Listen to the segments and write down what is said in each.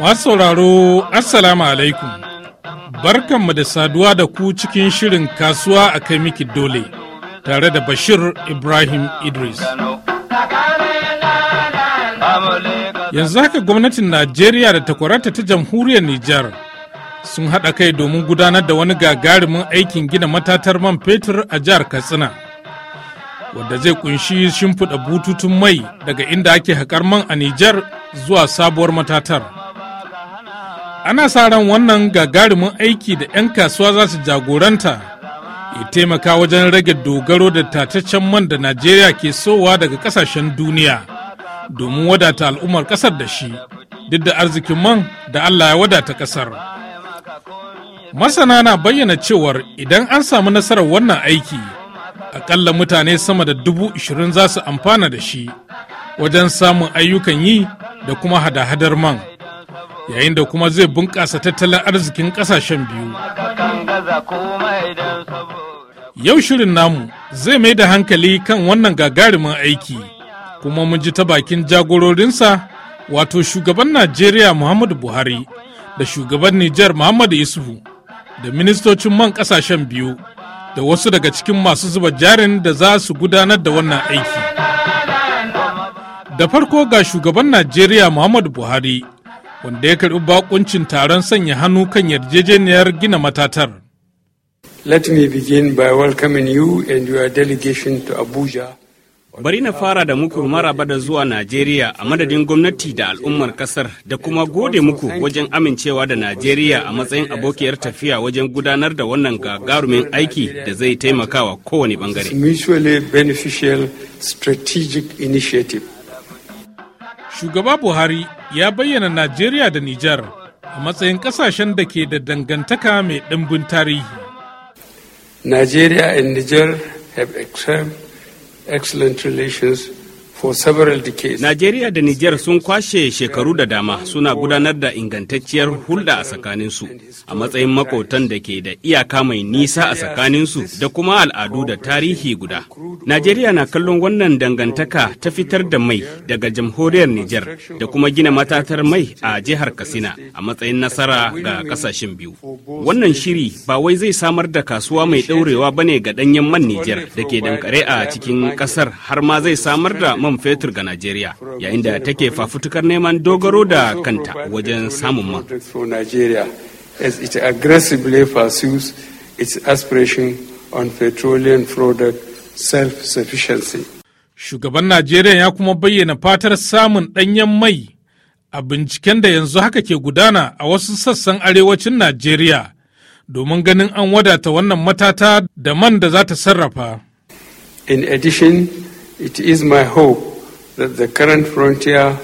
Masu sauraro, Assalamu alaikum. Barkanmu da saduwa da ku cikin shirin kasuwa a kai miki dole tare da Bashir Ibrahim Idris. Yanzu haka gwamnatin Najeriya da takwararta ta jamhuriyar Nijar sun haɗa kai domin gudanar da wani gagarumin aikin gina matatar man fetur a jihar Katsina. wanda zai kunshi shimfiɗa bututun mai daga inda ake haƙar man a Nijar zuwa sabuwar matatar. Ana sa ran wannan gagarumin aiki da 'yan kasuwa za su jagoranta ya taimaka wajen rage dogaro da tataccen man da Najeriya ke sowa daga ƙasashen duniya domin wadata al'ummar ƙasar da shi duk da arzikin man da Allah ya wadata ƙasar. Masana na bayyana cewar idan an samu nasarar wannan aiki. akalla mutane sama da dubu ishirin za su amfana da shi wajen samun ayyukan yi da kuma hada-hadar man yayin da kuma zai bunƙasa tattalin arzikin ƙasashen biyu yau shirin namu zai mai da hankali kan wannan gagarumin aiki kuma mun ji ta bakin jagororinsa wato shugaban najeriya muhammadu buhari da shugaban nijar muhammadu yusufu da ministocin man ƙasashen biyu da wasu daga cikin masu zuba jarin da za su gudanar da wannan aiki da farko ga shugaban najeriya muhammadu buhari wanda ya karɓi bakuncin taron sanya hannu kan yarjejeniyar gina matatar Let me begin by welcoming you and your delegation to Abuja. Bari na fara da muku maraba da zuwa Najeriya a madadin gwamnati da al'ummar kasar da kuma gode muku wajen amincewa da Najeriya a matsayin abokiyar tafiya wajen gudanar da wannan gagarumin aiki da zai taimakawa kowane bangare. Shugaba Buhari ya bayyana Najeriya da Nijar a matsayin kasashen da ke da dangantaka mai ɗimbin tarihi. Najeriya and Niger have extreme excellent relations Najeriya da Nijar sun kwashe shekaru da dama suna gudanar da ingantacciyar hulɗa a tsakaninsu a matsayin makotan da ke da iyaka mai nisa a tsakaninsu da kuma al'adu da tarihi guda. Najeriya na kallon wannan dangantaka ta fitar da mai daga jamhuriyar Nijar da kuma gina matatar mai a jihar Katsina a matsayin nasara ga kasashen biyu. Wannan shiri ba wai zai samar da kasuwa mai ɗaurewa bane ga ɗanyen man Nijar da ke dankare a cikin ƙasar har ma zai samar da man man fetur ga Najeriya yayin da take fafutukar neman dogaro da kanta wajen samun man. Shugaban Najeriya ya kuma bayyana fatar samun ɗanyen mai a binciken da yanzu haka ke gudana a wasu sassan arewacin Najeriya domin ganin an wadata wannan matata da man da za ta sarrafa. In addition It is my hope that the current frontier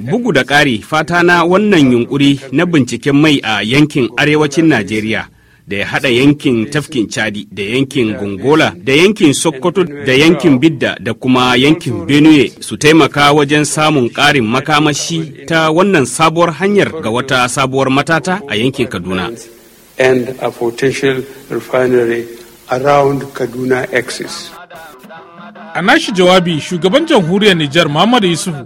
Bugu da ƙari fata na wannan yunƙuri na binciken mai a yankin arewacin Najeriya da ya haɗa yankin tafkin Chadi da yankin Gongola da yankin Sokoto da yankin Bidda da kuma yankin Benue su taimaka wajen samun ƙarin makamashi ta wannan sabuwar hanyar ga wata sabuwar matata a yankin Kaduna. And a potential refinery around Kaduna axis. a nashi jawabi shugaban jamhuriyar nijar muhammadu yusufu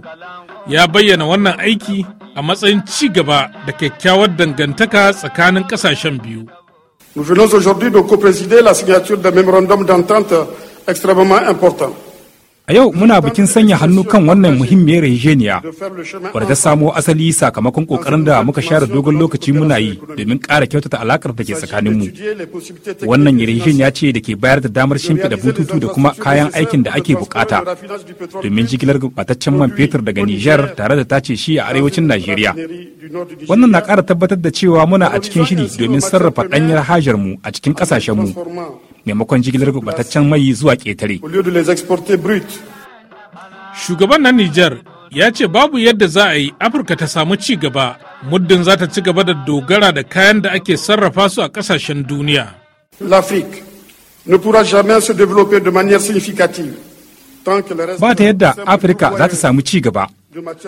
ya bayyana wannan aiki a matsayin ci gaba da kyakkyawar dangantaka tsakanin kasashen biyu Nous venons aujourd'hui de co-présider la signature d'un mémorandum d'entente extrêmement important. A yau muna bikin sanya hannu kan wannan muhimmiyar yarjejeniya wadda ta samo asali sakamakon kokarin da muka share dogon lokaci muna yi domin ƙara kyautata alakar da ke tsakaninmu. Wannan yarjejeniya ce da ke bayar da damar shimfiɗa bututu da kuma kayan aikin da ake bukata domin jigilar gubataccen man fetur daga Nijar tare da tace shi a arewacin Najeriya. Wannan na ƙara tabbatar da cewa muna a cikin shiri domin sarrafa ɗanyar hajar mu a cikin ƙasashenmu. maimakon jigilar gubataccen mai zuwa ƙetare. Shugaban na Nijar ya ce babu yadda za a yi Afirka ta samu ci gaba muddin za ta ci gaba da dogara da kayan da ake sarrafa su a ƙasashen duniya. L'Afrique ne pourra de manière significative Ba ta yadda Afirka za ta samu ci gaba,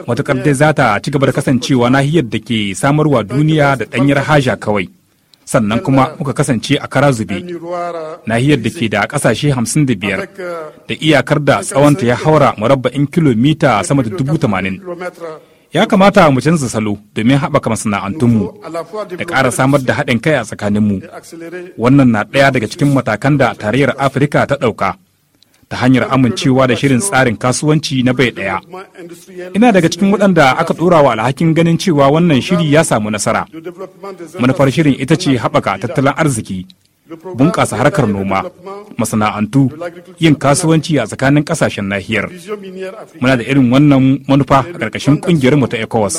wata dai za ta ci gaba da kasancewa nahiyar da ke samarwa duniya da ɗanyar haja kawai. sannan kuma muka kasance a kara zube nahiyar da ke da kasashe 55 da iyakar da tsawonta ya haura murabba'in kilomita sama da dubu tamanin. ya kamata mu canza salo domin haɓaka masana'antunmu da ƙara samar da haɗin kai a tsakaninmu wannan na ɗaya daga cikin matakan da tarayyar afirka ta ɗauka ta hanyar amincewa da shirin tsarin kasuwanci na bai ɗaya. Ina daga cikin waɗanda aka ɗora wa alhakin ganin cewa wannan shiri ya samu nasara. Manufar shirin ita ce haɓaka tattalin arziki, bunƙasa harkar noma, masana'antu, yin kasuwanci a tsakanin ƙasashen nahiyar. Muna da irin wannan manufa a ƙarƙashin ƙungiyar mu ta ECOWAS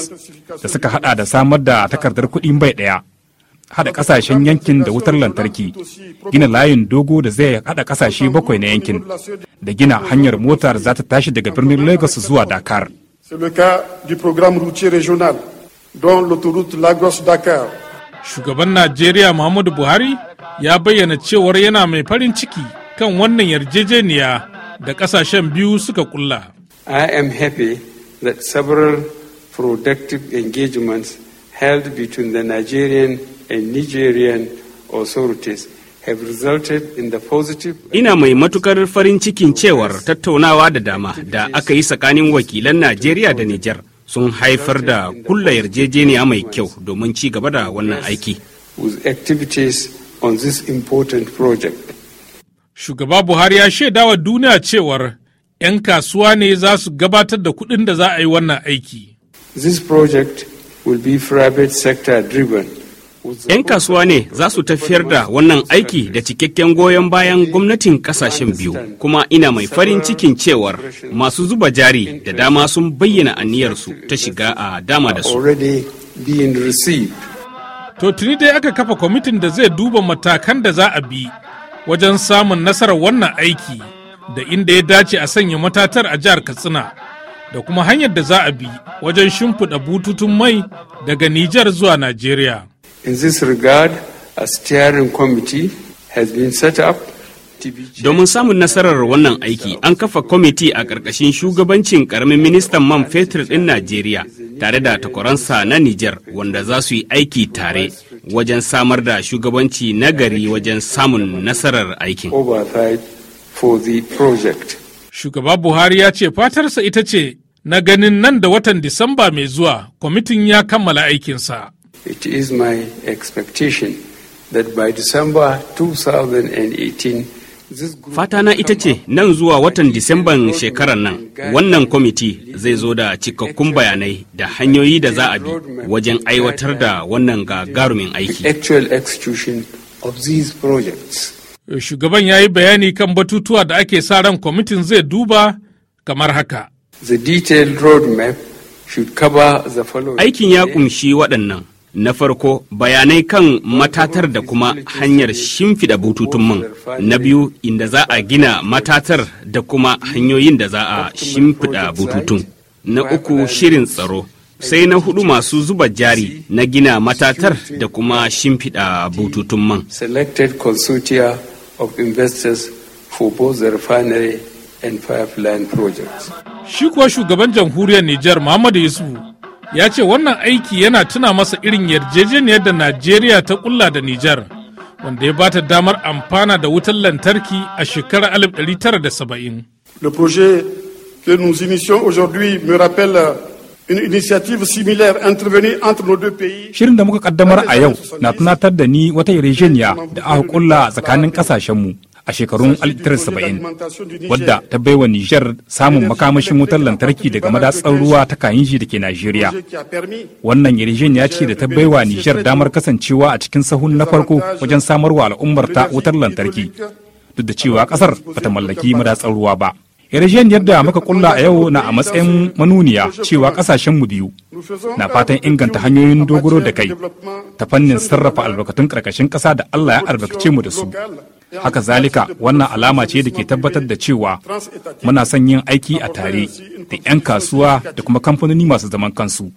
da suka haɗa da samar da takardar kuɗin bai ɗaya. hada kasashen yankin da wutar lantarki gina layin dogo da zai hada kasashe bakwai na yankin da gina hanyar mota da za ta tashi daga birnin lagos zuwa dakar shugaban najeriya muhammadu buhari ya bayyana cewar yana mai farin ciki kan wannan yarjejeniya da kasashen biyu suka kulla i am happy that several productive engagements held between the nigerian and Nigerian authorities have resulted in the positive Ina mai matukar farin cikin cewar tattaunawa da dama da aka yi tsakanin wakilan Najeriya da Nijar sun haifar da kulla yarjejeniya mai kyau domin ci gaba da wannan aiki. With activities on this important project. Shugaba Buhari ya wa duniya cewar 'yan kasuwa ne za su gabatar da kuɗin da za a yi wannan aiki. This project will be private sector driven. 'Yan kasuwa ne za su tafiyar da wannan aiki da cikakken goyon bayan gwamnatin kasashen biyu, kuma ina mai farin cikin cewar masu zuba jari da dama sun bayyana aniyarsu ta shiga a dama da su. To tuni dai aka kafa kwamitin da zai duba matakan da za a bi wajen samun nasarar wannan aiki da inda ya dace a sanya matatar a jihar Katsina da kuma hanyar da za a bi wajen shimfiɗa bututun mai daga Nijar zuwa Najeriya. In this regard, a steering committee set up Domin samun nasarar wannan aiki, an kafa kwamiti a ƙarƙashin shugabancin ƙaramin ministan man fetur ɗin Najeriya tare da takwaransa na Nijar wanda za su yi aiki tare wajen samar da shugabanci nagari wajen samun nasarar aikin. Shugaba Buhari ya ce fatarsa ita ce na ganin nan da watan Disamba mai zuwa kwamitin ya kammala aikinsa. It is my expectation that by December 2018 Fata na ita ce nan zuwa watan Disamban shekarar nan wannan kwamiti zai zo da cikakkun bayanai da hanyoyi da za a bi wajen aiwatar da wannan gagarumin aiki. Shugaban ya yi bayani kan batutuwa da ake sa ran kwamitin zai duba kamar haka. Aikin ya kumshi waɗannan. Na farko bayanai kan matatar da kuma hanyar shimfiɗa bututun man. Na biyu inda za a gina matatar da kuma hanyoyin da za a shimfiɗa bututun. Na uku shirin tsaro. Sai na hudu masu zuba jari na gina matatar da kuma shimfiɗa bututun man. Selected consortia of investors for both the refinery and pipeline projects. Shi kuwa shugaban jamhuriyar Nijar Muhammadu Yusufu ya ce wannan aiki yana tuna masa irin yarjejeniyar da najeriya ta kulla da nijar wanda ya bata damar amfana da wutar lantarki a shekarar 1970 le projet que nous initions aujourd'hui me rappelle Une initiative similaire intervenue Shirin da muka kaddamar a yau na tunatar da ni wata yarjejeniya da aka kulla tsakanin kasashenmu a shekarun 1970 wadda ta baiwa Nijar samun makamashin wutar lantarki daga madatsar ruwa ta Kayinji da ke Najeriya. Wannan ya ce da ta baiwa Nijar damar kasancewa a cikin sahun na farko wajen samarwa al'ummar ta wutar lantarki duk da cewa kasar bata mallaki madatsar ruwa ba. yarjejeniyar yadda muka kulla a yau na a matsayin manuniya cewa kasashenmu biyu na fatan inganta hanyoyin dogaro da kai ta fannin sarrafa albarkatun karkashin kasa da Allah ya albarkace mu da su haka zalika wannan alama ce da ke tabbatar da cewa muna son yin aiki a tare da 'yan kasuwa da kuma kamfanoni masu zaman kansu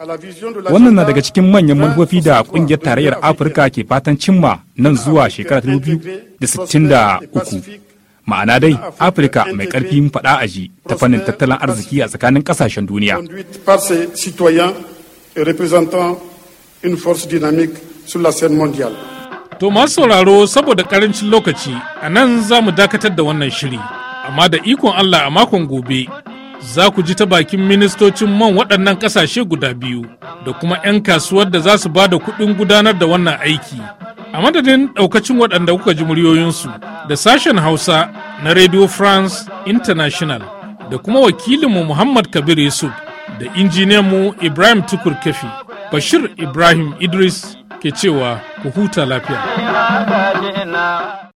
wannan na daga cikin manyan manufofi da kungiyar tarayyar afirka ke fatan cimma nan zuwa shekara uku ma'ana dai afirka mai karfin faɗa aji ta fannin tattalin arziki a tsakanin ƙasashen duniya une force dynamique sur la scène mondiale. To masu sauraro saboda karancin lokaci a nan za mu dakatar da wannan shiri, amma da ikon Allah a makon gobe za ku ji ta bakin ministocin man waɗannan ƙasashe guda biyu da kuma 'yan kasuwar da za su ba da kuɗin gudanar da wannan aiki. A madadin ɗaukacin waɗanda kuka ji muryoyinsu da sashen Hausa na Radio France International da kuma wakilinmu Muhammad Kabir Yusuf da injiniyanmu Ibrahim Tukur Kefi, Bashir Ibrahim Idris kichiwa kuhuta lapya